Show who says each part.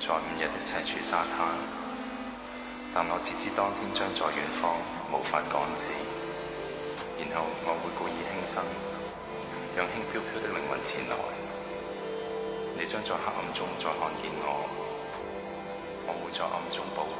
Speaker 1: 在午夜的赤柱沙灘，但我只知當天將在遠方，無法趕至，然後我會故意輕生，讓輕飄飄的靈魂前來，你將在黑暗中再看見我，我會在暗中保護。